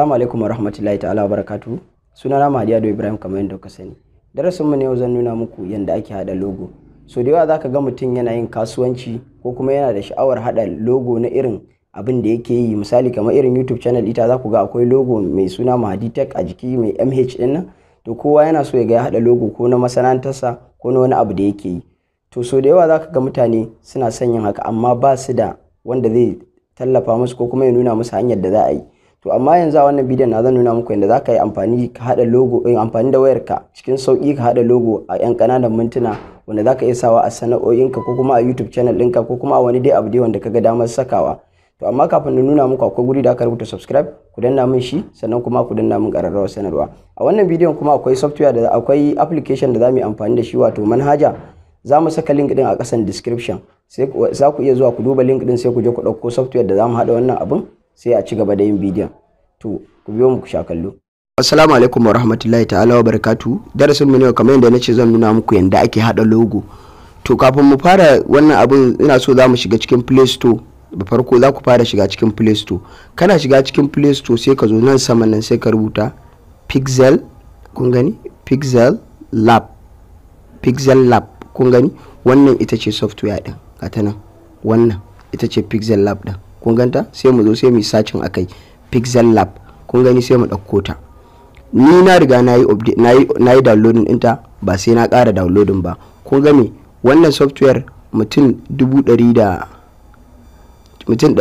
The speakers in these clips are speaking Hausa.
Assalamu alaikum warahmatullahi ta'ala barakatu Sunana Mahdi Ado Ibrahim kamar yadda kuka sani. Darasin mu ne yau zan nuna muku yadda ake hada logo. So da yawa zaka ga mutum yana yin kasuwanci ko kuma yana da sha'awar hada logo na irin abin da yake yi misali kamar irin YouTube channel ita za ku ga akwai logo mai suna Mahdi Tech a jiki mai MH din nan. To kowa yana so ya ga ya hada logo ko na sa ko na wani abu da yake yi. To so da yawa zaka ga mutane suna son yin haka amma ba su da wanda zai tallafa musu ko kuma ya nuna musu hanyar da za a yi. to amma yanzu a wannan bidiyon na zan nuna muku yadda za ka yi amfani ka haɗa logo eh, amfani da wayarka cikin sauki ka haɗa logo a 'yan kananan mintuna wanda za ka iya sawa a sana'o'inka ko kuma a youtube channel ɗinka ko kuma a wani dai abu dai wanda ka ga damar sakawa to amma kafin na nuna muku akwai guri da aka rubuta subscribe ku danna min shi sannan kuma ku danna min ƙararrawar sanarwa a wannan bidiyon kuma akwai software da akwai application da za mu yi amfani da shi wato manhaja za mu saka link din a ƙasan description sai za ku iya zuwa ku duba link din sai ku je ku ɗauko software da za mu haɗa wannan abin sai a ci gaba da yin bidiyon to ku biyo mu sha kallo assalamu alaikum wa rahmatullahi ta'ala wa barakatu darasin mu ne kamar yadda nace zan nuna muku yanda ake hada logo to kafin mu fara wannan abin ina so za mu shiga cikin play store farko za ku fara shiga cikin play store kana shiga cikin play store sai ka zo nan sama nan sai ka rubuta pixel kun gani pixel lab pixel lab kun gani wannan ita ce software din ga ta nan wannan ita ce pixel lab din kun ganta sai mu zo sai mu sacin akai pixel lab kun gani sai mu ɗauko ta ni na riga na yi na yi downloading ɗinta ba sai na ƙara downloading ba kun gani wannan software mutum dubu ɗari da mutum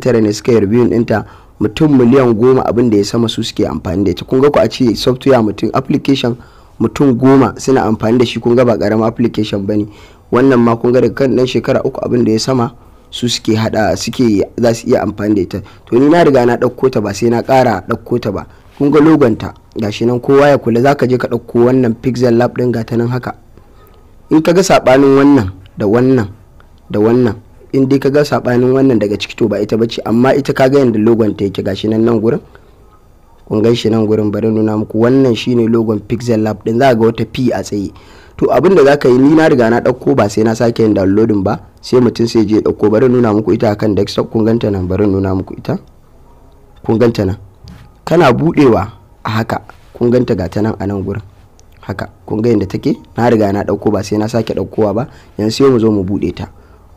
tara ne suka yi reviewing ɗinta mutum miliyan goma abin da ya sama su suke amfani da ita kun ga ku a ce software mutum application mutum goma suna amfani da shi kun ga ba karamin application bane wannan ma kun ga daga kan dan shekara uku abin da ya sama su suke hada suke za su iya amfani da ita to ni na riga na ɗauko ta ba sai na ƙara ɗauko ta ba kun ga logonta gashi nan kowa ya kula zaka je ka ɗauko wannan pixel lab ɗin ga ta nan haka in ka ga saɓanin wannan da wannan da wannan in dai ka ga saɓanin wannan daga ciki to ba ita bace amma ita ka ga yadda logon ta yake gashi nan nan gurin kun gan shi nan gurin bari nuna muku wannan shine logon pixel lab ɗin za ga wata p a tsaye to abin da zaka yi ni na riga na ɗauko ba sai na sake yin downloading ba sai mutum sai je ɗauko bari nuna muku ita akan desktop kun ganta nan bari nuna muku ita kun ganta nan kana budewa a haka kun ganta ga ta nan a nan gurin haka kun ga yadda take na riga na ɗauko ba sai na sake ɗaukowa ba yanzu sai mu zo mu bude ta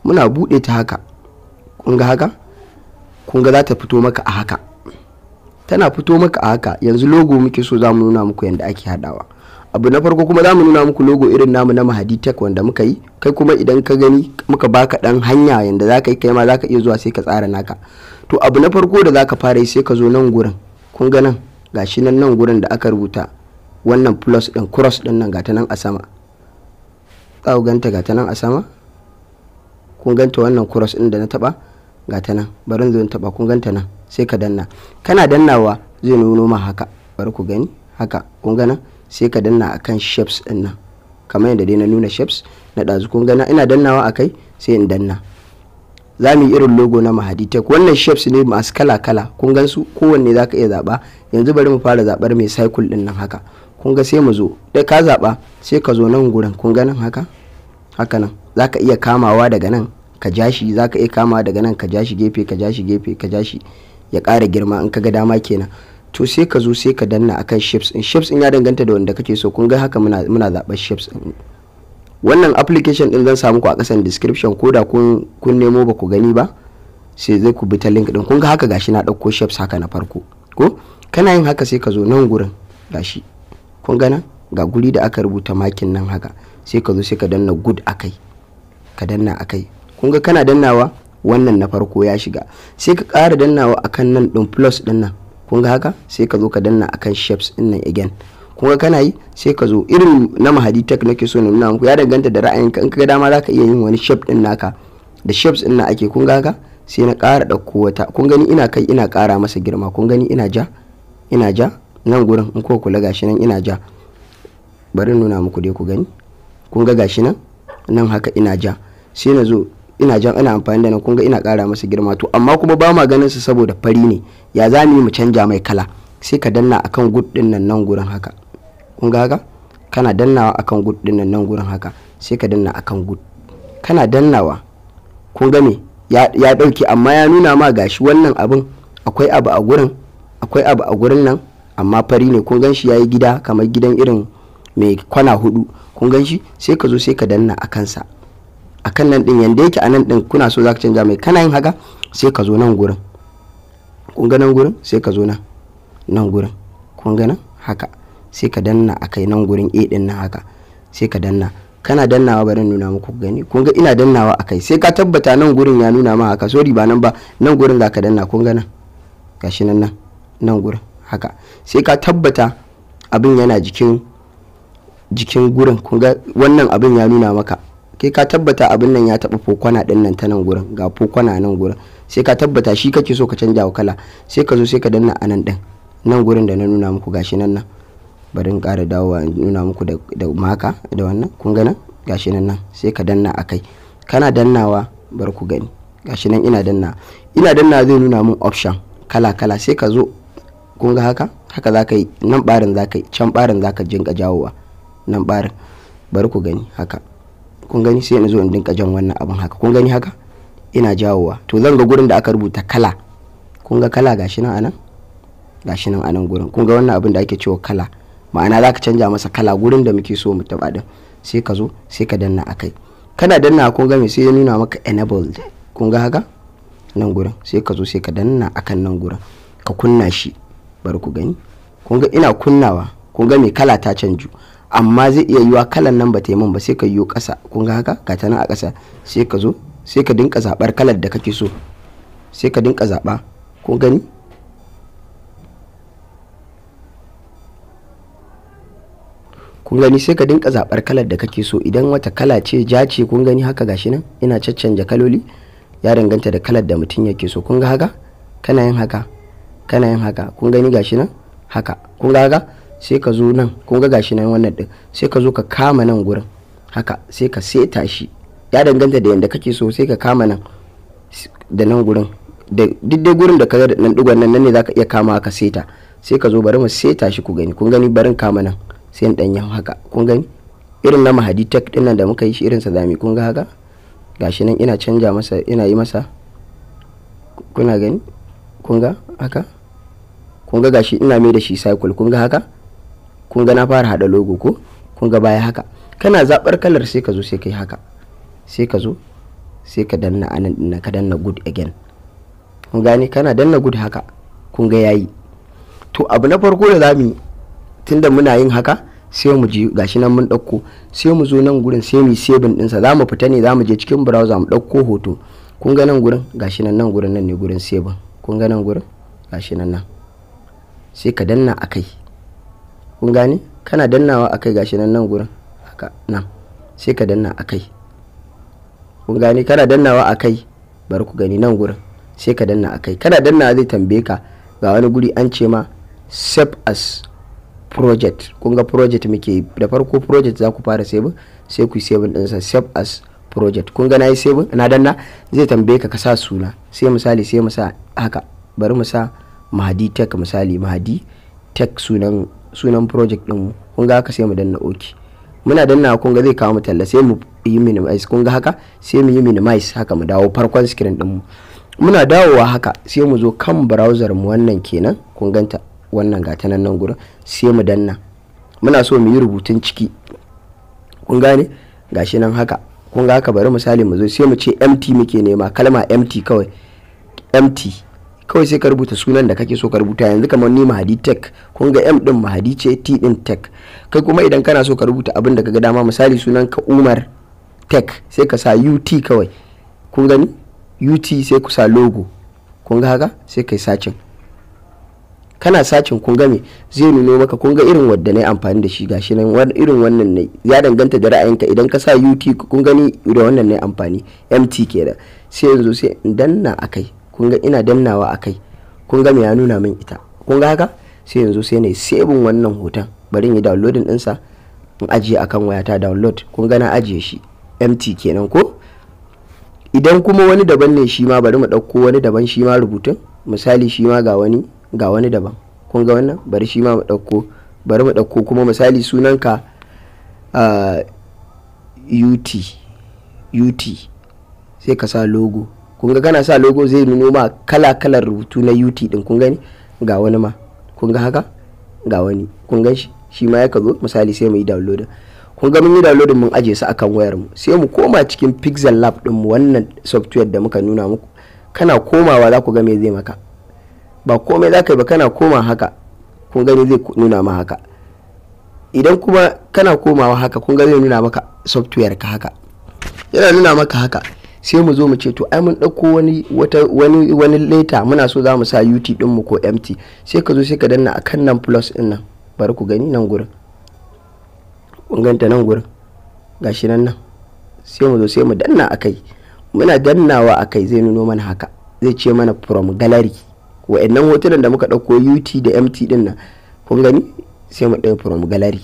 muna bude ta haka kun ga haka kun ga za ta fito maka a haka tana fito maka a haka yanzu logo muke so za mu nuna muku yadda ake haɗawa abu na farko kuma zamu nuna muku logo irin namu na mahadi tech wanda muka yi kai kuma idan ka gani muka baka dan hanya yanda zaka yi kai ma zaka iya zuwa sai ka tsara naka to abu na farko da zaka fara yi sai ka zo nan gurin kun ga nan gashi nan nan gurin da aka rubuta wannan plus din cross din nan gata nan a sama za ganta gata nan a sama kun ganta wannan cross din da na taba gata nan barin zo taba kun ganta nan sai ka danna kana dannawa zai nuno ma haka bari ku gani haka kun ga nan sai ka danna akan shapes din nan kamar yadda dai na nuna shapes na ɗazu kun gana ina dannawa a kai sai in danna za mu yi irin logo na mahadi tech wannan shapes ne masu kala kala kun gan su kowanne za ka iya zaɓa yanzu bari mu fara zaɓar mai cycle din nan haka kun ga sai mu zo dai ka zaɓa sai ka zo nan gurin kun ganin haka haka nan za ka iya kamawa daga nan ka ja shi za ka iya kamawa daga nan ka ja shi gefe ka ja shi gefe ka ja shi ya ƙara girma in ka ga dama kenan to sai ka zo sai ka danna akan shapes in shapes in ya danganta da wanda kake so kun ga haka muna muna zaɓar shapes in wannan application din zan samu ku a ƙasan description ko da kun kun nemo ba ku gani ba sai zai ku bi ta link din kun ga haka gashi na ɗauko shapes haka na farko ko kana yin haka sai ka zo nan gurin gashi kun gana ga guri da aka rubuta makin nan haka sai ka zo sai ka danna good akai ka danna akai kun ga kana dannawa wannan na farko ya shiga sai ka ƙara dannawa akan nan ɗin plus ɗin nan kun ga haka sai ka zo ka danna akan shapes din nan again kun ga kana yi sai ka zo irin na mahadi tech nake so na nuna muku ya danganta da ra'ayinka in ka dama zaka iya yin wani shape din naka da shapes din na ake kun ga haka sai na ƙara ɗauko wata kun gani ina kai ina ƙara masa girma kun gani ina ja ina ja nan gurin in ko kula gashi nan ina ja bari nuna muku dai ku gani kun ga gashi nan nan haka ina ja sai na zo ina jan ina amfani da nan kun ga ina ƙara masa girma to amma kuma ba ma ganin su saboda fari ne ya za mu canja mai kala sai ka danna akan gud din nan nan gurin haka kun ga haka kana dannawa akan gud din nan nan gurin haka sai ka danna akan gud kana dannawa kun ga me ya dauke amma ya nuna ma gashi wannan abin akwai abu a gurin akwai abu a gurin nan amma fari ne kun gan shi yayi gida kamar gidan irin mai kwana hudu kun gan shi sai ka zo sai ka danna a sa. a kan nan din yanda yake a nan din kuna so zaka canja mai kana yin haka sai ka zo nan gurin kun ga nan gurin sai ka zo nan gurin kun ga nan haka sai ka danna a kai nan gurin a din nan haka sai ka danna kana dannawa bari nuna muku gani kun ga ina dannawa kai sai ka tabbata nan gurin ya nuna ma haka sori ba nan ba nan gurin za ka danna kun ga nan gashi nan nan nan gurin haka sai ka tabbata abin yana jikin jikin gurin kun ga wannan abin ya nuna maka kai ka tabbata abin nan ya taɓa fokwana ɗin nan ta nan gurin ga fokwana nan gurin sai ka tabbata shi kake so ka canja wa kala sai ka zo sai ka danna a nan ɗin nan gurin da na nuna muku gashi nan nan bari in ƙara dawowa in nuna muku da maka da wannan kun ga nan gashi nan nan sai ka danna a kai kana dannawa bar ku gani gashi nan ina danna ina danna zai nuna min option kala kala sai ka zo kun ga haka haka za ka yi nan barin za ka yi can barin za ka jinka jawowa nan barin bari ku gani haka kun gani sai na zo in dinka jan wannan abin haka kun gani haka ina jawowa to zan ga gurin da aka rubuta kala kun ga kala gashi nan anan gashi nan anan gurin kun ga wannan abin da ake cewa kala ma'ana za ka canja masa kala gurin da muke so mu taba din sai ka zo sai ka danna akai kana danna kun ga me sai ya nuna maka enabled kun ga haka nan gurin sai ka zo sai ka danna akan nan gurin ka kunna shi bari ku gani kun ga ina kunnawa kun ga me kala ta canju amma zai iya yiwa kalan nan ba ta yi min ba sai ka yiwo ƙasa kun ga haka ka nan a ƙasa sai ka zo sai ka dinka zaɓar kalar da kake so sai ka dinka zaɓa kun gani kun gani sai ka dinka zaɓar kalar da kake so idan wata kala ce ja ce kun gani haka gashi nan ina caccanja kaloli ya danganta da kalar da mutum yake so kun ga haka kana yin haka kana yin haka kun gani gashi nan haka kun ga haka sai ka zo nan kun ga gashi nan wannan din sai ka zo ka kama nan gurin haka sai ka seta shi ya danganta da yadda kake so sai ka kama nan da nan gurin da diddai gurin da ka ga nan dugon nan ne zaka iya kama ka seta sai ka zo bari mu seta shi ku gani kun gani barin kama nan sai in danyen haka kun gani irin na mahadi tech din nan da muka yi shi irin sa zami kun ga haka gashi nan ina canja masa ina yi masa kuna gani kun ga haka kun ga gashi ina mai da shi cycle kun ga haka kun ga na fara hada logo ko kun ga baya haka kana zabar kalar sai ka zo sai kai haka sai ka zo sai ka danna anan dinnan ka danna good again kun gane kana danna good haka kun ga yayi to abu na farko da zamu tunda muna yin haka sai mu ji gashi nan mun dauko sai mu zo nan gurin sai mu save dinsa za mu fita ne za mu je cikin browser mu dauko hoto kun ga nan gurin gashi nan nan gurin nan ne gurin save kun ga nan gurin gashi nan nan sai ka danna akai kun gane kana dannawa kai gashi nan nan gurin haka nan sai ka danna kai kun gane kana dannawa kai bari ku gani nan gurin sai ka danna a kai kana danna zai tambaye ka ga wani guri an ce ma save as project kun ga project muke da farko project za ku fara save sai ku save sa save as project kun ga nayi save na danna zai tambaye ka ka sa suna sai misali sai mu sa haka bari mu sa mahadi tech misali mahadi tech sunan sunan project ɗinmu kun ga haka sai mu danna ok muna danna kun ga zai kawo mu talla sai mu yi minimize kun ga haka sai mu yi minimize haka mu dawo farkon screen ɗinmu muna dawowa haka sai mu zo kan browser mu wannan kenan kun ganta wannan ta nan nan gurin sai mu danna muna so mu yi rubutun ciki kun gane gashi nan haka kun ga haka bari misali mu zo sai mu ce mt muke nema kalma mt kawai mt kawai sai ka rubuta sunan da kake so ka rubuta yanzu kamar ni mahadi tech kun ga m din mahadi ce t din tech kai kuma idan kana so ka rubuta abin da kaga dama misali sunan ka umar tech sai ka sa ut kawai kun gani ut sai ku sa logo kun ga haka sai kai sacin kana sacin kun ga me zai nuno maka kun ga irin wadda nayi amfani da shi gashi nan irin wannan ne ya danganta da ra'ayinka idan ka sa ut kun gani da wannan ne amfani mt kenan sai yanzu sai in danna akai kun ga ina dannawa a kai kun ga ya nuna min ita kun ga haka sai yanzu sai na yi sebin wannan hoton bari in yi downloading ɗinsa in ajiye a kan wayata download kun ga na ajiye shi mt kenan ko idan kuma wani daban ne shi ma bari mu ɗauko wani daban shi ma rubutun misali shi ma ga wani ga wani daban kun ga wannan bari shi ma mu ɗauko bari mu ɗauko kuma misali sunanka uh, ah, ut ut sai ka sa logo kun ga kana sa logo zai nuno ma kala kalar rubutu na UT din kun gani ga wani ma kun ga haka ga wani kun gan shi shi ma ya zo misali sai mu yi download kun ga mun yi download mun aje su akan wayar mu sai mu koma cikin pixel lab din mu wannan software da muka nuna muku kana komawa za ku ga me zai maka ba komai za ka yi ba kana koma haka kun gani zai nuna ma haka idan kuma kana komawa haka kun gani zai nuna maka software ka haka yana nuna maka haka sai mu zo mu ce to ai mun dauko wani wata wani wani leta muna so za mu sa ut din mu ko mt sai ka zo sai ka danna akan nan plus din nan bari ku gani nan gurin kun ganta nan gurin gashi nan nan sai mu zo sai mu danna akai muna dannawa akai zai nuno mana haka zai ce mana from gallery wa'annan hotunan da muka dauko ut da mt din nan kun gani sai mu dauko from gallery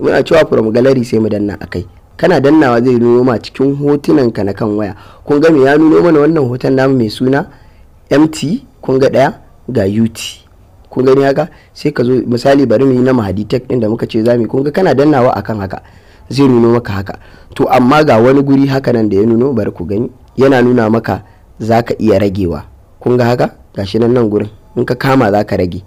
muna cewa from gallery sai mu danna akai kana dannawa zai nuno ma cikin hotunan ka na kan waya kun ga ya nuno mana wannan hoton namu mai suna mt kun ga daya ga ut kun gani haka sai ka zo misali bari mu yi na mahadi tech din da muka ce zamu kun ga kana dannawa akan haka zai nuno maka haka to amma ga wani guri haka nan da ya nuno bari ku gani yana nuna maka zaka iya ragewa kun ga haka gashi nan nan gurin in ka kama zaka rage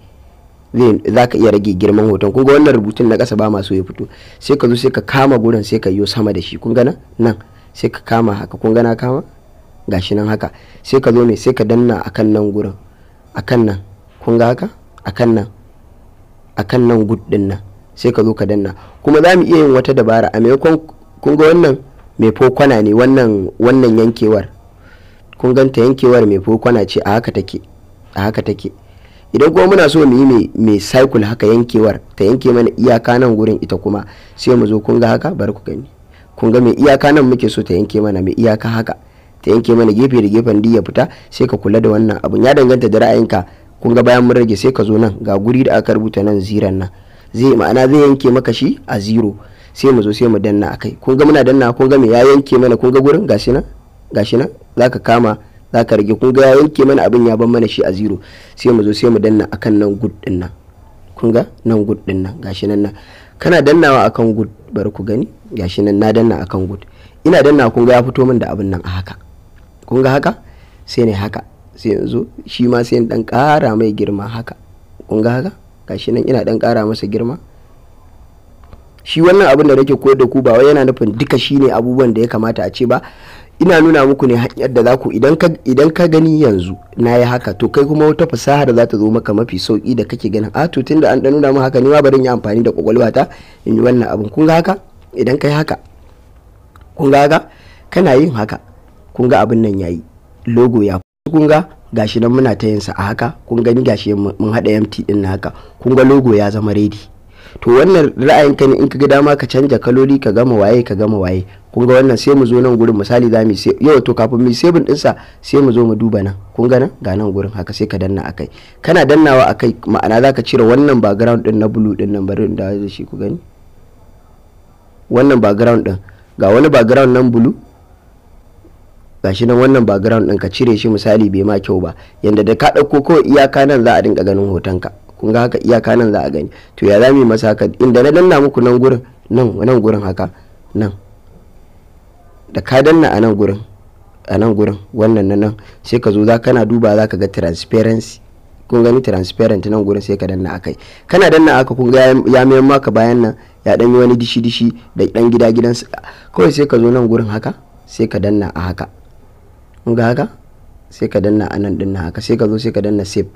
za ka iya rage girman hoton kun ga wannan rubutun na ƙasa ba masu ya fito sai ka zo sai ka kama gurin sai ka yi sama da shi kun gana nan sai ka kama haka kun gana kama gashi nan haka sai ka zo mai sai ka danna akan nan gurin akan nan kun ga haka akan nan akan nan gud din nan sai ka zo ka danna kuma za mu iya yin wata dabara a maimakon kun ga wannan mai fokwana ne wannan wannan yankewar kun ganta yankewar mai fokwana ce a haka take a haka take idan kuma muna so mu yi mai cycle haka yankewar ta yanke mana iyaka nan gurin ita kuma sai mu zo kun ga haka bari ku gani kun ga mai iyaka nan muke so ta yanke mana mai iyaka haka ta yanke mana gefe da gefen ya fita sai ka kula da wannan abun ya danganta da ra'ayinka kun ga bayan mun rage sai ka zo nan ga guri da aka rubuta nan ziran nan zai ma'ana zai yanke maka shi a zero sai mu zo sai mu danna akai kun ga muna danna kun ga me ya yanke mana kun ga gurin gashi nan gashi nan zaka kama za ka rage kun ga ya yanke mana abin ya ban mana shi a zero sai mu zo sai mu danna akan nan good din nan kun ga nan good din nan gashi nan nan kana dannawa akan good bari ku gani gashi nan na danna akan good ina danna kun ga ya fito min da abin nan a haka kun ga haka sai ne haka sai yanzu shi ma sai dan ƙara mai girma haka kun ga haka gashi nan ina dan ƙara masa girma shi wannan abin da nake koyar da ku ba wai yana nufin duka shine abubuwan da ya kamata a ce ba ina nuna muku ne hanyar da za ku idan ka gani yanzu na yi haka to kai kuma wata fasaha da za ta zo maka mafi sauki da kake ganin a ah, to da an dan nuna mu haka ne ma bari yi amfani da kwakwalwa ta in yi wannan abin kun haka idan yi haka kun haka kana yin haka kun abin nan yayi logo ya kun ga gashi nan muna ta yin sa a haka kun gani gashi mun hada MT din na haka kun ga logo ya zama ready to wannan ra'ayin ka ne in ka ga dama ka canja kaloli ka gama waye ka gama waye kun ga wannan sai mu zo nan gurin misali za mu yau to kafin mu sebin dinsa sai mu zo mu duba nan kun ga nan ga nan gurin haka sai ka danna akai kana dannawa akai ma'ana za ka cire wannan background din na blue din nan bari da da shi ku gani wannan background din ga wani background nan blue gashi nan wannan background din ka cire shi misali bai ma kyau ba yanda da ka ɗauko kawai iyaka nan za a dinka ganin hotonka kun ga haka iyaka nan za a gani to ya za mu yi masa haka inda na danna muku nan gurin nan nan gurin haka nan da ka danna a nan gurin a nan gurin wannan na nan sai ka zo za kana duba za ka ga transparency kun gani transparent nan gurin sai ka danna a kai kana danna aka kun ga ya mayan maka bayan nan ya danyi yi wani dishi dishi da dan gida gidan kawai sai ka zo nan gurin haka sai ka danna a haka kun ga haka sai ka danna a nan dinna haka sai ka zo sai ka danna safe.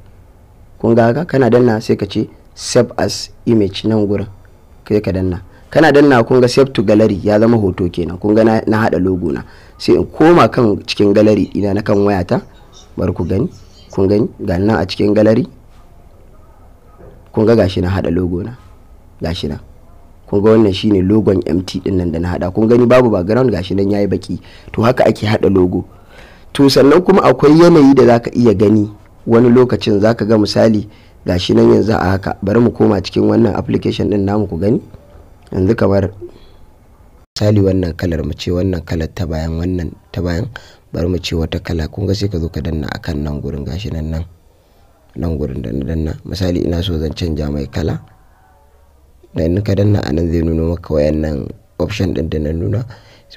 kun ga haka kana danna sai ka ce save as image nan gurin kai ka danna kana danna kun ga save to gallery ya zama hoto kenan kun ga na, hada logo na sai in koma kan cikin gallery ina na kan wayata bari ku gani kun gani ga nan a cikin gallery kun ga gashi na hada logo na gashi na kun ga wannan shine logon MT din nan da na hada kun gani babu background gashi nan yayi baki to haka ake hada logo to sannan kuma akwai yanayi da zaka iya gani wani lokacin za ka ga misali shi nan yanzu a haka bari mu koma cikin wannan application din namu ku gani yanzu kamar misali wannan kalar mu ce wannan kalar ta bayan wannan ta bayan bari mu ce wata kala kun ga sai ka zo ka danna akan nan gurin gashi nan nan nan gurin da na danna misali ina so zan canja mai kala da in ka danna a nan zai nuno maka wayannan option din da na nuna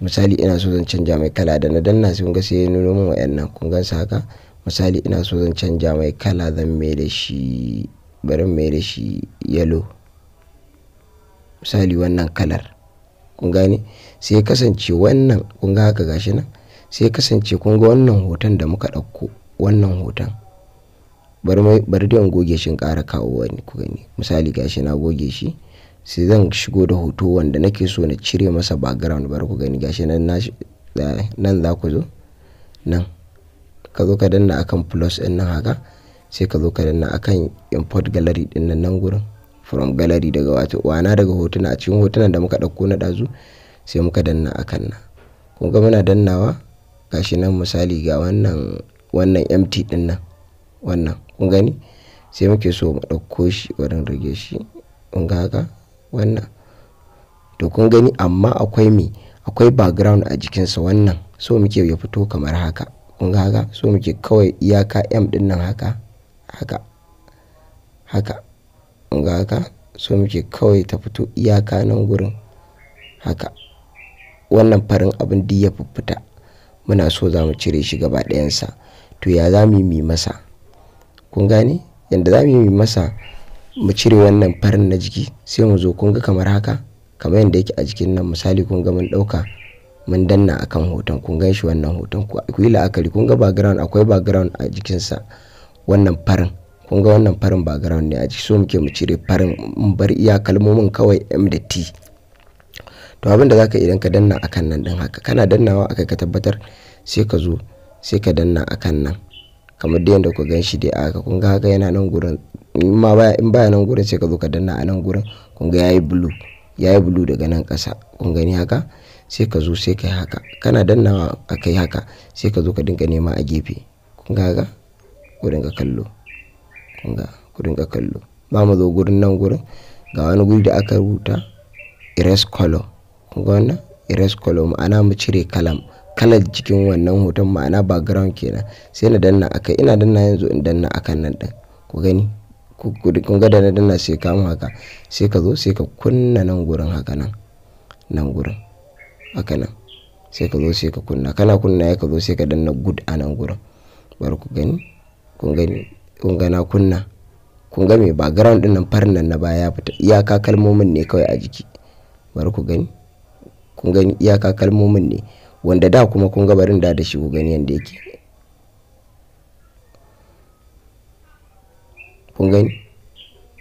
misali ina so zan canja mai kala da na danna sai kun ga sai ya nuno min wayannan kun ga haka misali ina so zan canja mai kala zan mai da shi bari mai da shi yalo misali wannan kalar kun gane sai ya kasance wannan kun ga haka gashi nan sai ya kasance kun ga wannan hoton da muka ɗauko wannan hoton bari da goge shi ƙara kawo wani ku gani misali gashi na goge shi sai zan shigo da hoto wanda nake so na cire masa background bari ku gani gashi nan eh, nan za ku zo nan ka zo ka danna akan plus ɗin nan haka sai ka zo ka danna akan import gallery ɗin nan nan gurin from gallery daga wato wana daga hotuna a cikin hotunan da muka ɗauko na dazu sai muka danna akan nan kun ga muna dannawa gashi nan misali ga wannan wannan empty din nan wannan kun gani sai muke so mu dauko shi wurin rage shi kun ga haka wannan to kun gani amma akwai me akwai background a jikinsa wannan so muke ya fito kamar haka kun ga haka so muke kawai iyaka m din nan haka haka haka kun haka so muke kawai ta fito iyaka nan gurin haka wannan farin abin da ya fita muna so za mu cire shi gaba ɗayansa to ya za mu yi masa kun gane yadda za mu yi masa mu cire wannan farin na jiki sai mu zo kun ga kamar haka kamar yadda yake a jikin nan misali kun ga mun ɗauka mun danna akan hoton kun gan shi wannan hoton ku yi la'akari kun ga background akwai background a jikinsa wannan farin kun ga wannan farin background ne a jiki so muke mu cire farin mu bar iya kalmomin kawai m da t to abin da zaka idan ka danna akan nan din haka kana dannawa akai ka tabbatar sai ka zo sai ka danna akan nan kamar da yadda ku gan shi dai aka kun ga haka yana nan gurin in ma baya in baya nan gurin sai ka zo ka danna a nan gurin kun ga yayi blue yayi blue daga nan kasa kun gani haka sai ka zo sai ka yi haka kana dannawa a kai haka sai ka zo ka dinga nema a gefe kun ga ku dinga kallo kun ga ku dinga kallo ba mu zo gurin nan gurin ga wani guri da aka rubuta iris color kun ga wannan iris color ma'ana mu cire kalam kalar jikin wannan hoton ma'ana background kenan sai na danna akai ina danna yanzu in danna akan nan din ku gani kun ga da na danna sai kamun haka sai ka zo sai ka kunna nan gurin haka nan nan gurin haka nan sai ka zo sai ka kunna kana kunna ya ka zo sai ka danna good a nan gurin bari ku gani kun gani kun gana kunna kun ga me background din nan farin nan na baya ya fita iyaka kalmomin ne kawai a jiki bari ku gani kun gani iyaka kalmomin ne wanda da kuma kun ga barin da da shi ku gani yanda yake kun gani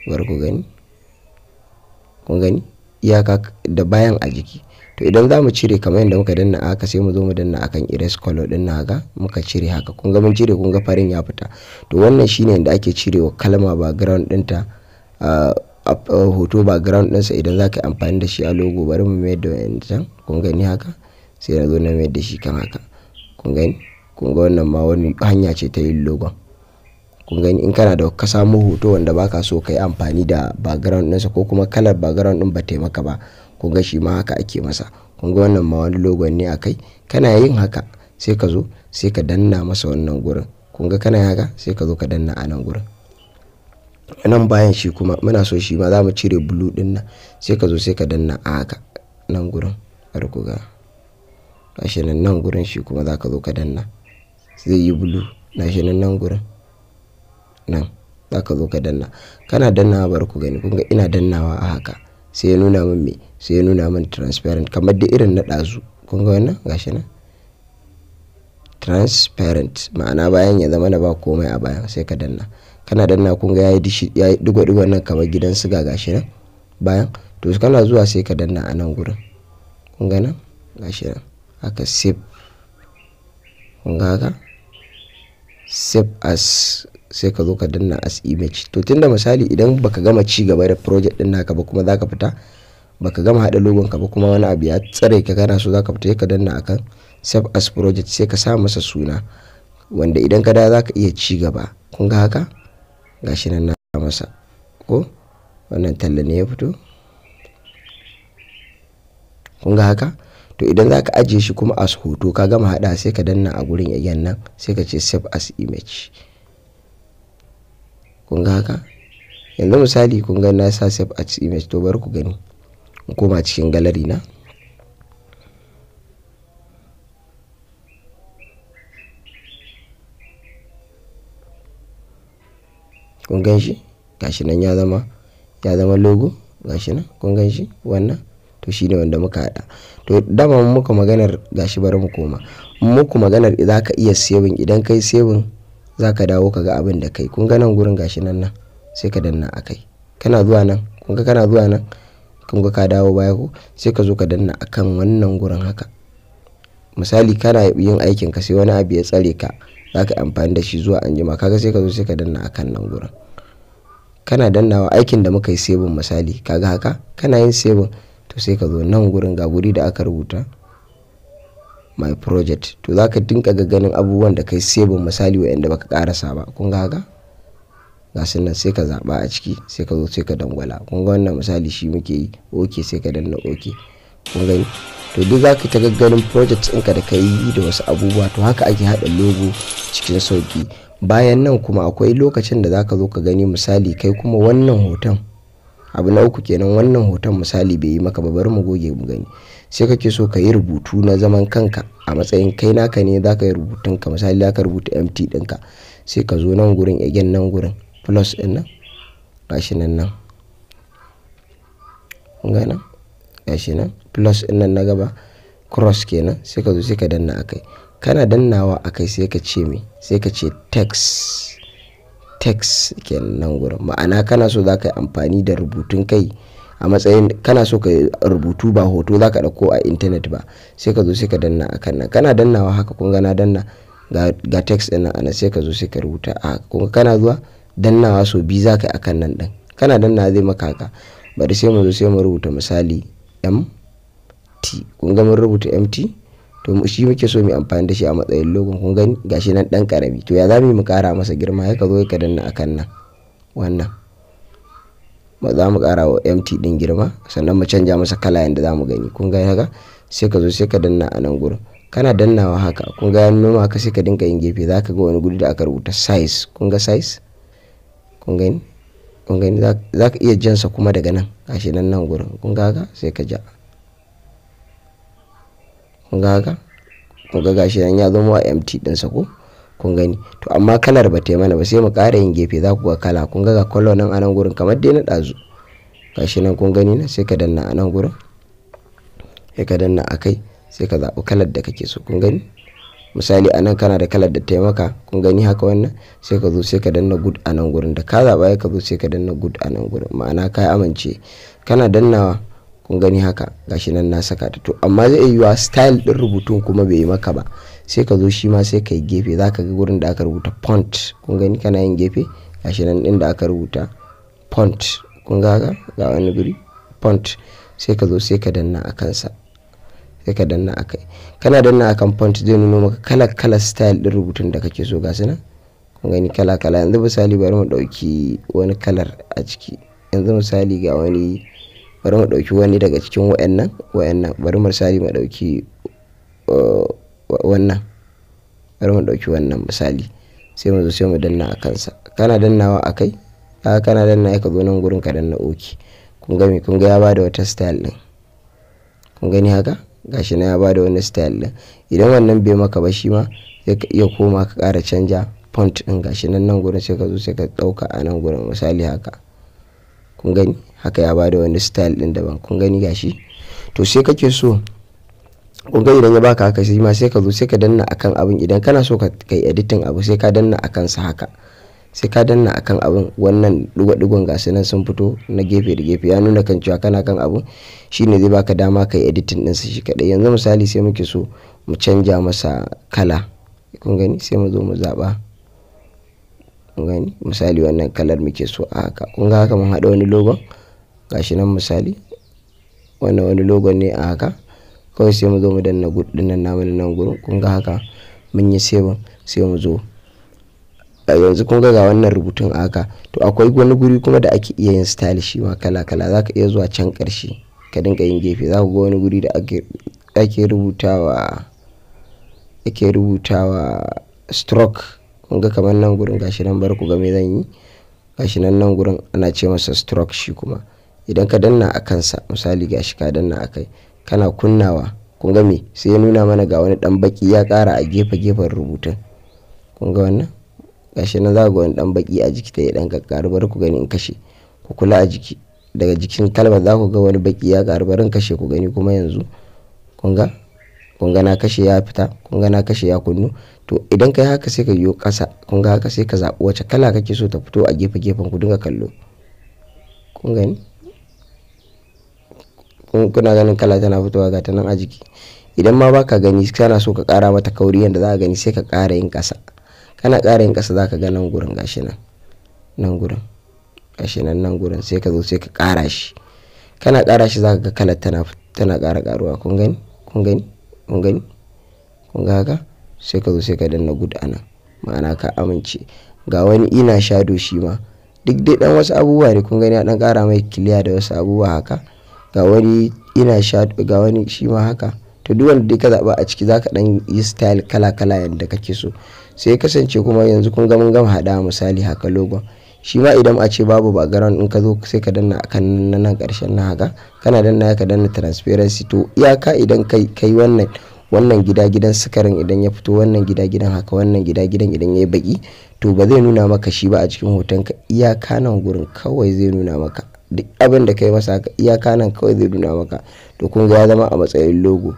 bari ku gani kun gani iyaka da bayan a jiki to idan za mu cire kamar yadda muka danna haka sai mu zo mu danna akan iris color din na ga muka cire haka kun ga mun cire kun ga farin ya fita to wannan shine yadda ake cirewa kalma background dinta ah, ah, hoto background dinsa idan za ka amfani da shi a logo bari mu mai da wancan kun gani haka sai na zo na mayar da shi kan haka kun gani kun ga wannan ma wani hanya ce ta yin logo kun gani in kana da ka samu hoto wanda baka so ka yi amfani da background dinsa ko kuma kalar background din ba taimaka ba kun ga shi ma haka ake masa kun ga wannan ma wani logon ne akai kana yin haka sai ka zo sai ka danna masa wannan gurin kun ga kana haka sai ka zo ka danna a nan gurin nan bayan shi kuma muna so shi ma za mu cire bulu din nan sai ka zo sai ka danna a haka nan gurin har ku ga gashi nan nan gurin shi kuma za ka zo ka danna zai yi na shi nan nan gurin nan za ka zo ka danna kana dannawa bar ku gani kun ga ina dannawa a haka sai ya nuna min me sai ya nuna min transparent kamar da irin na ɗazu kun ga wannan gashi nan transparent ma'ana bayan ya zama na ba komai a bayan sai ka danna kana danna kun ga yayi dishi yayi digo digo nan kamar gidan siga gashi nan bayan to kana zuwa sai ka danna a nan gurin kun ga nan gashi nan haka save kun ga haka save as sai ka zo ka danna as image to tunda misali idan baka gama ci gaba da project din naka ba kuma zaka fita baka gama hada logon ka ba kuma wani abu ya tsare ka kana so zaka fita ka danna akan save as project sai ka sa masa suna wanda idan ka da zaka iya ci gaba kun ga haka gashi nan na masa ko wannan talla ne ya fito kun ga haka to idan za ka ajiye shi kuma as hoto ka gama hada sai ka danna a gurin yagen nan sai ka ce save as image kun ga haka yanzu misali kun ga na sa save as image to bar ku gani in koma cikin gallery na kun gan shi gashi nan ya zama ya zama logo gashi nan kun gan shi wannan to shine wanda muka hada to dama muka maganar gashi bari mu koma muku maganar za ka iya saving idan kai saving za ka dawo ka ga abin da kai kun ga gurin gashi nan nan sai ka danna a kai kana zuwa nan kun ga kana zuwa nan kun ga ka dawo baya ko sai ka zo ka danna akan wannan gurin haka misali kana yin aikin ka sai wani abu ya tsare ka za ka amfani da shi zuwa anjima kaga sai ka zo sai ka danna akan nan gurin kana dannawa aikin da muka yi sebin misali kaga haka kana yin sebin to sai ka zo nan gurin ga guri da aka rubuta my project to za ka dinka ganin abubuwan da kai sebin misali wa'anda baka karasa ba kun ga ga ga nan sai ka zaba a ciki sai ka zo sai ka dangwala kun ga wannan misali shi muke yi ok sai ka danna ok kun gani to duk za ka ta ganin project ɗinka da ka yi da wasu abubuwa to haka ake haɗa logo cikin sauki bayan nan kuma akwai lokacin da za ka zo ka gani misali kai kuma wannan hoton abu na uku kenan wannan hoton misali bai yi maka ba bari mu goge mu gani sai kake so ka yi rubutu na zaman kanka a matsayin kai naka ne za ka yi rubutun ka misali za ka rubuta mt dinka sai ka zo nan gurin again nan gurin plus in nan gashi nan nan gana gashi nan plus ɗin nan na gaba cross kenan sai ka zo sai ka danna akai kana dannawa akai sai ka ce me sai ka ce text text kenan nan gurin ma'ana kana so za ka yi amfani da rubutun kai a matsayin kana so ka rubutu ba hoto za ka ɗauko a intanet ba sai ka zo sai ka danna a kan nan kana dannawa haka kun gana danna ga text ɗin nan sai ka zo sai ka rubuta a kun kana zuwa dannawa so biyu za ka yi a kan nan ɗin kana danna zai maka haka bari sai mu zo sai mu rubuta misali mt kun ga mun rubuta mt to shi muke so mu amfani da shi a matsayin logon kun gani gashi nan ɗan karami to ya za mu mu kara masa girma ya ka zo ka danna a kan nan wannan za mu kara wa mt din girma sannan mu canja masa kala yadda za mu gani kun ga haka sai ka zo sai ka danna a nan gurin kana dannawa haka kun ga ma ka sai ka dinga yin gefe za ka ga wani guri da aka rubuta size kun ga size kun ni kun gani za ka iya jansa kuma daga nan gashi nan nan gurin kun ga haka sai ka ja kun ga haka kun ga gashi nan ya zama wa mt sa ko kun gani to amma kalar ba ta yi mana ba sai mu ƙara yin gefe za ku ga kala kun ga ga kwallo nan a nan gurin kamar dai na ɗazu gashi nan kun gani na sai ka danna a nan gurin sai ka danna a kai sai ka zaɓi kalar da kake so kun gani misali anan kana da kalar da taimaka kun gani haka wannan sai ka zo sai ka danna good a nan gurin da ka zaɓa ka zo sai ka danna good a nan gurin ma'ana ka amince kana dannawa kun gani haka gashi nan na saka ta to amma zai wa style ɗin rubutun kuma bai yi maka ba sai ka zo shi ma sai ka yi gefe za ka ga gurin da aka rubuta pont kun gani kana yin gefe gashi nan din da aka rubuta pont kun ga ga ga wani guri pont sai ka zo sai ka danna a kansa sai ka danna a kai kana danna a kan pont zai nuno maka kala kala style din rubutun da kake so ga su nan kun gani kala kala yanzu misali bari mu dauki wani kalar a ciki yanzu misali ga wani bari mu dauki wani daga cikin wayannan wayannan bari misali mu dauki uh, wannan bari mu dauki wannan misali sai mu zo sai mu danna a kansa kana dannawa a kai a kana danna ka zo nan gurin ka danna oki kun ga kun ga ya bada wata style din kun gani haka gashi na ya bada wani style din idan wannan bai maka ba shi ma sai ka iya koma ka kara canja font din gashi nan nan gurin sai ka zo sai ka ɗauka a nan gurin misali haka kun gani haka ya bada wani style din daban kun gani gashi to sai kake so kunga idan ya baka haka shi ma sai ka zo sai ka danna akan abin idan kana so ka kai editing abu sai ka danna akan sa haka sai ka danna akan abin wannan digo-digon gasu nan sun fito na gefe da gefe ya nuna kan cewa kana kan abu shine zai baka dama kai editing din shi kadai yanzu misali sai muke so mu canja masa kala kun gani sai mu zo mu zaba kun gani misali wannan kalar muke so a haka kun ga haka mun hada wani logon gashi nan misali wannan wani logon ne a haka kawai sai mu zo mu danna gud din nan gurin kun ga haka mun yi saving sai mu zo yanzu kun ga wannan rubutun haka to akwai wani guri kuma da ake iya yin style shi ma kala kala zaka iya zuwa can karshe ka dinga yin gefe za ku ga wani guri da ake rubutawa ake rubutawa stroke kun ga kamar nan gurin gashi nan bar ku ga me zan yi gashi nan nan gurin ana ce masa stroke shi kuma idan ka danna a kansa misali gashi ka danna a kai kana kunnawa kun ga me sai ya nuna mana ga wani dan baki ya kara a gefe gefen rubutun kun ga wannan gashi nan za ga wani dan baki a jiki ta dan gaggaru bari ku gani in kashe ku kula a jiki daga jikin kalmar za ku ga wani baki ya karu bari in kashe ku gani kuma yanzu kun ga kun ga na kashe ya fita kun ga na kashe ya kunnu to idan kai haka sai ka yi kasa kun ga haka sai ka zaɓi wace kala kake so ta fito a gefe gefen ku dinga kallo kun gani kuna ganin kala tana fitowa ga ta nan a jiki idan ma baka gani kana so ka kara mata kauri yadda za ka gani sai ka kara yin kasa kana kara yin kasa za ka ga nan gurin gashi nan nan gurin gashi nan nan gurin sai ka zo sai ka kara shi kana kara shi za ka ga kala tana tana kara karuwa kun gani kun gani kun gani kun ga haka sai ka zo sai ka danna gud ana ma'ana ka amince ga wani ina shado shi ma duk dai dan wasu abubuwa ne kun gani a dan kara mai kiliya da wasu abubuwa haka ga wani ina sha ga wani shi ma haka to duk wanda ka zaba a ciki zaka dan yi style kala kala yanda kake so sai kasance kuma yanzu kun ga gama hada misali haka logo shi ma idan a ce babu garan in ka zo sai ka danna akan nan karshen na haka kana danna ka danna transparency to iyaka idan kai kai wannan wannan gida gidan sukarin idan ya fito wannan gida gidan haka wannan gida gidan idan ya yi baki to ba zai nuna maka shi ba a cikin hoton ka iyaka nan gurin kawai zai nuna maka duk abin da kai masa iyaka nan kawai zai nuna maka to kun ga ya zama a matsayin logo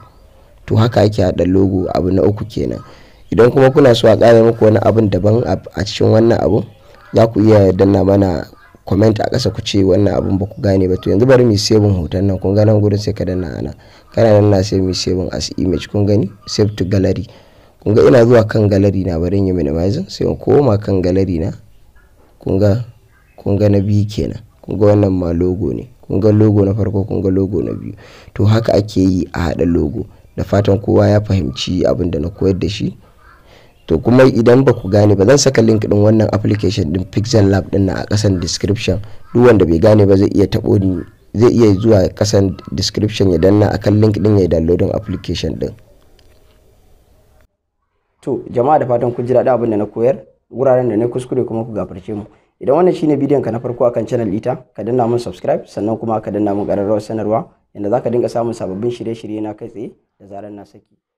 to haka ake haɗa logo abu na uku kenan idan kuma kuna so a ƙara muku wani abin daban a cikin wannan abu za ku iya danna mana comment a ƙasa ku ce wannan abun ba ku gane ba to yanzu bari mu save hoton nan kun ga nan gurin sai ka danna ana kana nan na sai mu save as image kun gani save to gallery kun ga ina zuwa kan gallery na bari in yi minimizing sai in koma kan gallery na kun ga kun ga na biyu kenan kun ga wannan ma logo ne kun ga logo na farko kun ga logo na biyu to haka ake yi a haɗa logo da fatan kowa ya fahimci abin da na koyar da shi to kuma idan ba ku gane ba zan saka link din wannan application din pixel lab din na a kasan description duk wanda bai gane ba zai iya tabo ni zai iya zuwa kasan description ya danna akan link din ya download application din to jama'a da fatan kun ji daɗin abin da na koyar wuraren da na kuskure kuma ku gafarce mu idan wannan shine bidiyon ka na farko akan channel ita ka danna mun subscribe sannan kuma ka danna mun ƙararrawar sanarwa inda za ka dinga samun sababbin shirye-shirye na kai tsaye da zarar na saki